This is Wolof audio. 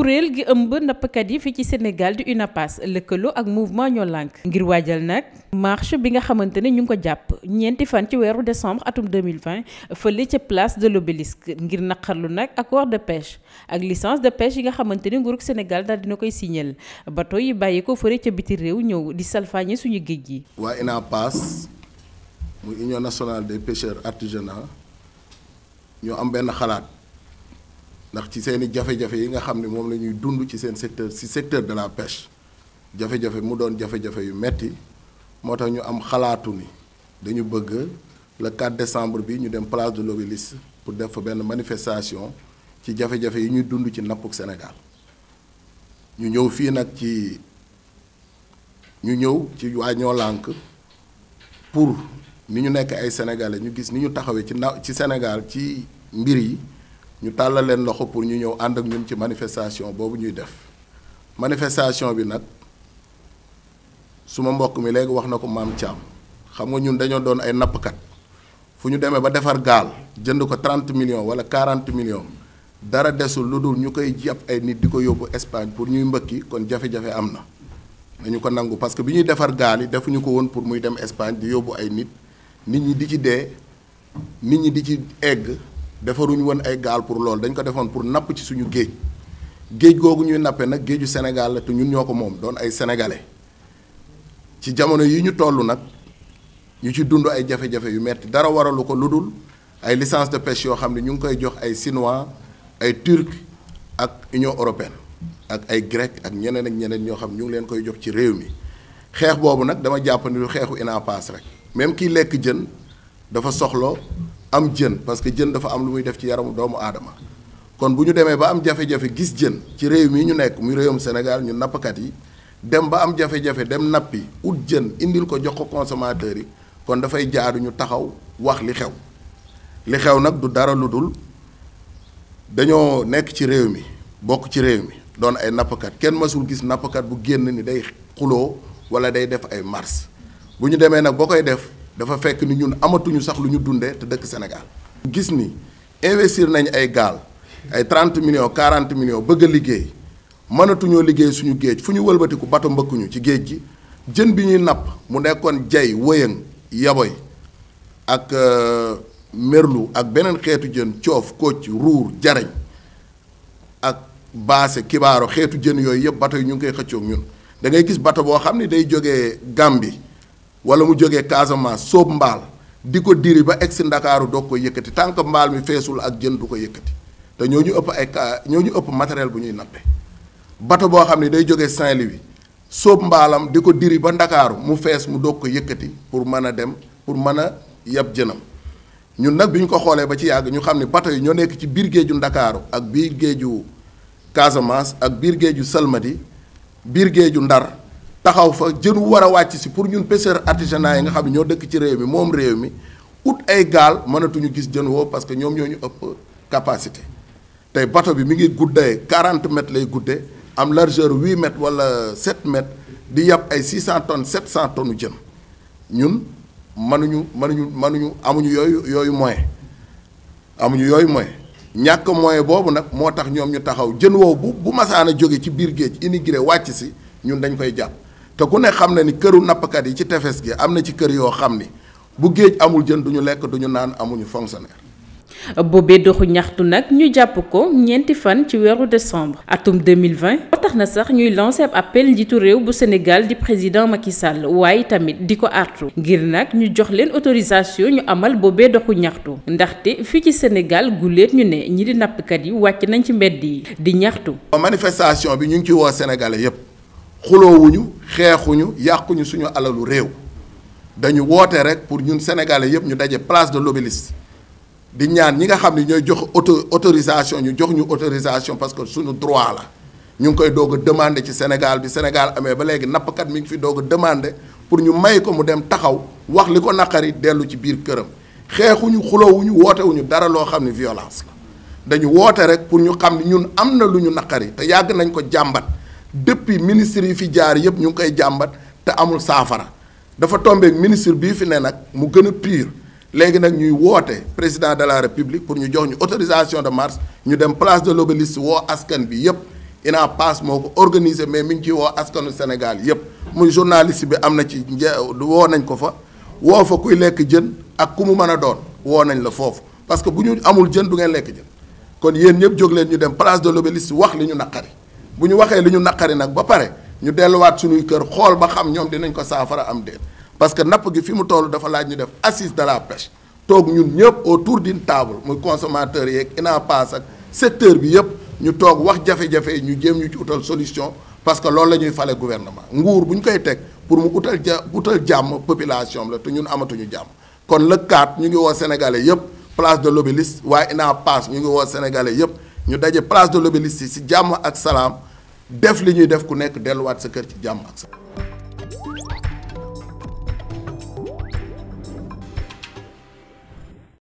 kuréel gi ëmb nappkat yi fii ci Sénégal di UNAPAS lëkkaloo ak mouvement ñoo lànk ngir waajal nag marche bi nga xamante ne ñu ngi ko jàpp ñeenti fan ci weeru décembre atum 2020 fële ca place de l'obélisque ngir naqarlu nag accord de pêche ak licence de pêche yi nga xamante ne nguurug Sénégal daal dina koy signal bato yi bàyyi ko fële ca biti réew ñëw di salfaañe suñu géej gi. waa UNAPAS muy union nationale des pêcheurs artisanaux ñoo am benn xalaat. ndax ci seen i jafe-jafe yi nga xam ne moom la ñuy dund ci seen secteur ci secteur de la pêche jafe-jafe mu doon jafe-jafe yu metti moo tax ñu am xalaatu ni dañu bëgg le 4 décembre bi ñu dem place de l'Obélisque pour def fa benn manifestation ci jafe-jafe yi ñuy dund ci nappuk Sénégal ñu ñëw fii nag ci ñu ñëw ci waa ñoo lànk pour ni ñu nekk ay sénégalais ñu gis ni ñu taxawee ci na ci Sénégal ci mbir yi ñu tàllal leen loxo pour ñu ñëw ànd ak ñun ci manifestation boobu ñuy def manifestation bi nag suma mbokk mi léegi wax na ko maam Thiam xam nga ñun dañoo doon ay nappkat fu ñu demee ba defar gaal jënd ko 30 million wala 40 millions dara desul lu dul ñu koy jàpp ay nit di ko yóbbu Espagne pour ñuy mbëkki kon jafe-jafe am na nañu ko nangu parce que bi ñuy defar gaal yi defuñu ko woon pour muy dem Espagne di yóbbu ay nit nit ñi di ci dee nit ñi di ci egg. defaruñu woon ay gaal pour loolu dañ ko defoon pour napp ci suñu géej géej googu ñuy nappe nag géeju Sénégal la te ñun ñoo ko moom doon ay sénégalais ci jamono yi ñu toll nag ñu ci dund ay jafe-jafe yu metti dara waralu ko lu dul ay licence de pêche yoo xam ne ñu ngi koy jox ay chinois ay turc ak union européenne ak ay grec ak ñeneen ak ñeneen ñoo xam ñu ngi leen koy jox ci réew mi xeex boobu nag dama jàpp ni lu xeexu ina rek même kiy lekk jën dafa soxla am jën parce que jën dafa am lu muy def ci yaramu doomu aadama kon bu ñu demee ba am jafe-jafe gis jën ci réew mii ñu nekk muy réewum Sénégal ñu nappkat yi dem ba am jafe-jafe dem nappi ut jën indil ko jox ko consommateur yi kon dafay jaaru ñu taxaw wax li xew li xew nag du dara lu dul dañoo nekk ci réew mi bokk ci réew mi doon ay nappkat kenn mësul gis nappkat bu génn ni day xuloo wala day def ay mars bu ñu demee nag boo koy def dafa fekk ni ñun amatuñu sax lu ñu dundee te dëkk Sénégal. gis ni investir nañ ay gaal ay 30 millions 40 millions bëgg a liggéey mënatuñoo liggéey suñu géej fu ñu wëlbatiku bato mbëkkuñu ci géej gi jën bi ñuy napp mu nekkoon jay wëyëng yaboy ak euh, merlu ak beneen xeetu jën coof kocc ruur jarañ ak baase kibaaro xeetu jën yooyu yëpp bato yi ñu ngi koy xëccoog ñun da gis bato boo xam ne day jógee Gambie wala mu jóge Casamance soob mbaal di ko diri ba egg si ndakaaru doog ko yëkkati tànk que mbaal mi feesul ak jën du ko yëkkati te ñoo ñu ëpp ay ka ñoo ñu ëpp matériel bu ñuy nappe bato boo xam ni day jóge Saint-Louis soob mbaalam di ko diri ba ndakaaru mu fees mu doog ko yëkkati pour mën a dem pour mën a yab jënam ñun nag bi ñu ko xoolee ba ci yàgg ñu xam ni bato yi ñoo nekk ci biir géeju ndakaaru ak biir géeju Casamance ak biir géeju Salmadi biir géeju Ndar taxaw fa jën wu war a wàcc si pour ñun pêcheurs artisanat yi nga xam ne ñoo dëkk ci réew mi moom réew mi ut ay gaal mënatuñu gis jën woo parce que ñoom ñoo ñu ëpp capacité tey bateau bi mi ngi guddee 40 mètres lay guddee am largeur 8 mètres wala 7 mètres di yàpp ay 600 tonnes 700 tonnes jën ñun mënuñu mënuñu mënuñu amuñu yooyu yooyu moyen amuñu yooyu moyen ñàkk moyen boobu nag moo tax ñoom ñu taxaw jën woow bu bu masaan a jóge ci biir géej immigré wàcc si ñun dañ koy jàpp te ku ne xam na ni këru nappkat yi ci tefes gi am na ci kër yoo xam ni bu géej amul jën duñu lekk duñu naan amuñu fonctionnaire boobee doxu ñaxtu nag ñu jàpp ko ñeenti fan ci weeru décembre atum 2020 ba tax na sax ñuy lancé ab appel njiitu réew bu Sénégal di président Macky Sall waaye tamit di ko artu ngir nag ñu jox leen autorisation ñu amal boobee doxu ñaxtu ndaxte fii ci Sénégal guléet ñu ne ñi di nappkat yi wàcc nañ ci mbedd yi di ñaxtu. manifestation bi ñu ngi ci woo Sénégalais yépp xuloowuñu xeexuñu yàquñu suñu alalu réew dañu woote rek pour ñun sénégalais yëpp ñu daje place de l'Obélisque di ñaan ñi nga xam ne ñooy jox auto autorisation ñu jox ñu autorisation parce que suñu droit la ñu ngi koy doog a ci Sénégal bi Sénégal amee ba léegi nappkat mi ngi fi doog a demander pour ñu may ko mu dem taxaw wax li ko naqari dellu ci biir këram xeexuñu xuloowuñu wootewuñu dara loo xam ne violence la dañu woote rek pour ñu xam ñun am na lu ñu naqari te yàgg nañ ko jàmbat depuis ministre yi fi jaar yëpp ñu ngi koy jàmbat te amul saafara dafa tombeek ministre bii fi ne nag mu gën a pire léegi nag ñuy woote président de la république pour ñu jox ñu autorisation de marche ñu dem place de l'Obélisque woo askan bi yëpp ina pass moo ko organiser mais mi ngi ciy woo askanu Sénégal yëpp muy journaliste bi am na ci woo nañ ko fa woo fa kuy lekk jën ak ku mu mën a doon woo nañ la foofu parce que bu ñu amul jën du ngeen lekk jën kon yéen ñëpp jóg leen ñu dem place de wax li ñu naqari bu ñu waxee li ñu naqari nag ba pare ñu delluwaat suñuy kër xool ba xam ñoom dinañ ko saafara am déet parce que napp gi fi mu toll dafa laaj ñu def assise de la pêche toog ñun ñëpp autour d'une table muy consommateur yeeg INAPAS ak secteur bi yëpp ñu toog wax jafe ñu jéem ñu ci utal solution parce que loolu la ñuy fale gouvernement nguur bu ñu koy teg pour mu utal ja utal jàmm population la ñun amatuñu jàmm kon le 4 ñu ngi woo sénégalais yëpp place de l'Obélisque waaye INAPAS ñu ngi woo sénégalais yëpp ñu daje place de l'Obélisque si jàmm ak salaam. def li ñuy def ku nekk delluwaat sa kër ci jàmm ak sa